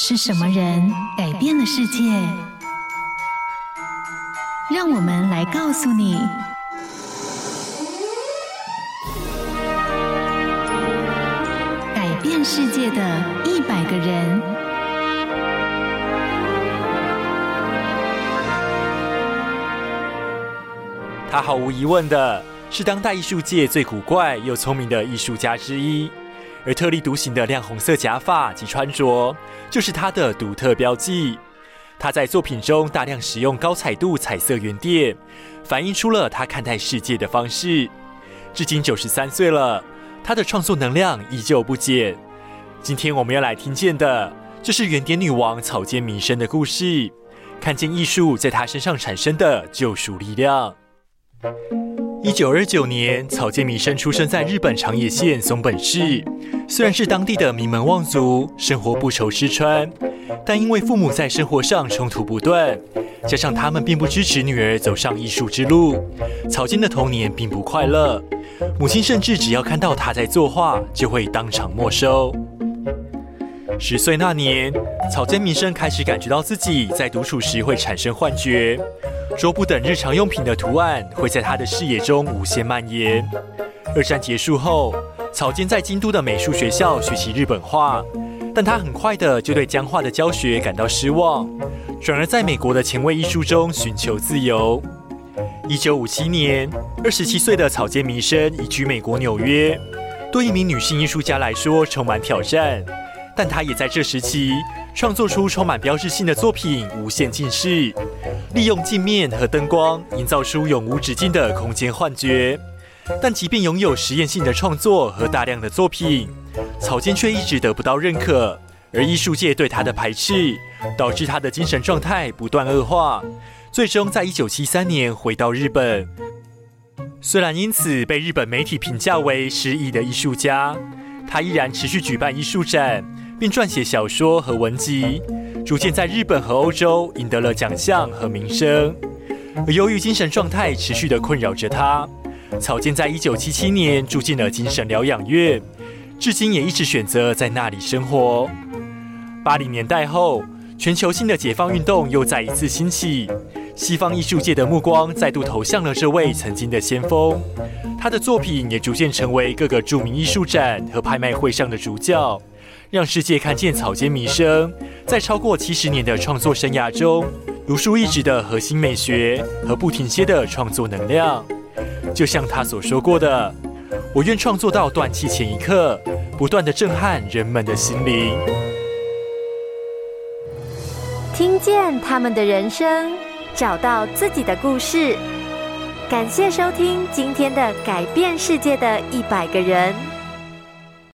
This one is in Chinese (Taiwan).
是什麼人改變了世界？讓我們來告訴你：改變世界的一百個人。她毫無疑問的是當代藝術界最古怪又聰明的藝術家之一。而特立獨行的亮紅色假髮及穿着，就是她的獨特標記。她在作品中大量使用高彩度彩色圓點，反映出了她看待世界的方式。至今九十三歲了，她的創作能量依舊不減。今天我們要來聽見的，就是圓點女王草間彌生的故事，看見藝術在她身上產生的救贖力量。一九二九年，草間彌生出生在日本長野縣松本市。雖然是當地的名門望族，生活不愁吃穿，但因為父母在生活上衝突不斷，加上他們並不支持女兒走上藝術之路，草間的童年並不快樂。母親甚至只要看到他在作畫，就會當場沒收。十歲那年，草間彌生開始感覺到自己在獨處時會產生幻覺，桌布等日常用品的圖案會在他的視野中無限蔓延。二戰結束後。草間在京都的美術學校學習日本畫，但他很快的就對僵化的教學感到失望，轉而在美國的前衛藝術中尋求自由。一九五七年，二十七歲的草間彌生移居美國紐約，對一名女性藝術家來說充滿挑戰，但她也在這時期創作出充滿標誌性的作品《無限鏡室》，利用鏡面和燈光營造出永無止境的空間幻覺。但即便擁有實驗性的創作和大量的作品，草間卻一直得不到認可，而藝術界對他的排斥，導致他的精神狀態不斷惡化，最終在一九七三年回到日本。雖然因此被日本媒體評價為失意的藝術家，他依然持續舉辦藝術展，並撰寫小說和文集，逐漸在日本和歐洲贏得了獎項和名聲。而由於精神狀態持續的困擾着他。草間在一九七七年住進了精神療養院，至今也一直選擇在那裡生活。八零年代後，全球性的解放運動又再一次興起，西方藝術界的目光再度投向了這位曾經的先鋒。他的作品也逐漸成為各個著名藝術展和拍賣會上的主角，讓世界看見草間彌生在超過七十年的創作生涯中，獨樹一幟的核心美學和不停歇的創作能量。就像他所說過的，我願創作到斷氣前一刻，不斷的震撼人們的心靈，聽見他們的人生，找到自己的故事。感謝收聽今天的改變世界的一百個人。